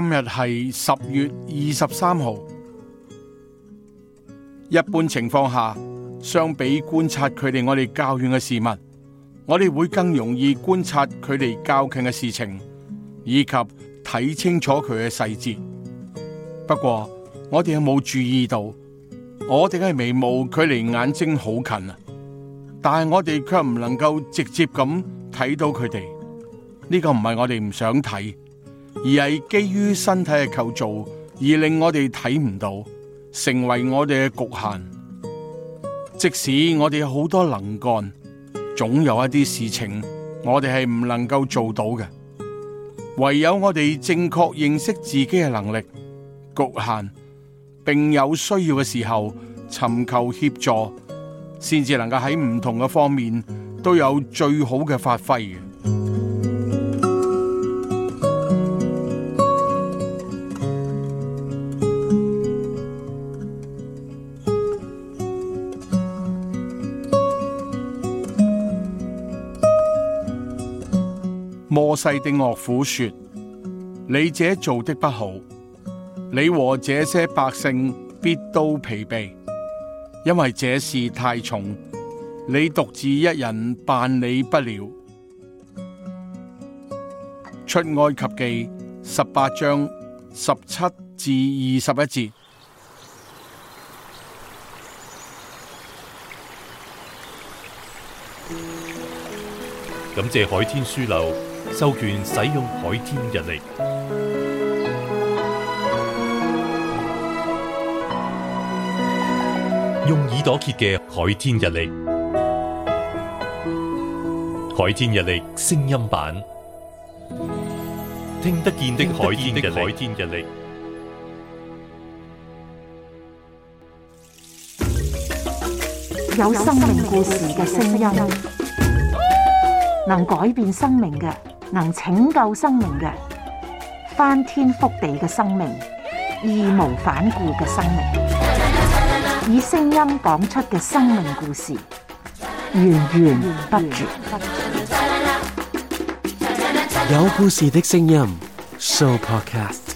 今日係十月二十三號。一般情況下，相比觀察距離我哋較遠嘅事物，我哋會更容易觀察距離較近嘅事情，以及睇清楚佢嘅細節。不過我哋有冇注意到，我哋嘅眉毛距離眼睛好近啊！但係我哋卻唔能夠直接咁睇到佢哋。呢個唔係我哋唔想睇。而係基於身體嘅構造，而令我哋睇唔到，成為我哋嘅局限。即使我哋好多能幹，總有一啲事情我哋係唔能夠做到嘅。唯有我哋正確認識自己嘅能力、局限，並有需要嘅時候尋求協助，先至能夠喺唔同嘅方面都有最好嘅發揮。摩西的岳父說：你這做的不好，你和這些百姓必都疲憊，因為這事太重，你獨自一人辦理不了。出埃及記十八章十七至二十一節。感謝海天書樓。授權使用海天日曆，用耳朵揭嘅海天日曆，海天日曆聲音版，聽得見的海天日曆，有生命故事嘅聲音，能改變生命嘅。能拯救生命嘅、翻天覆地嘅生命、義無反顧嘅生命，以聲音講出嘅生命故事，源源不絕。有故事的聲音，Sooo Podcast。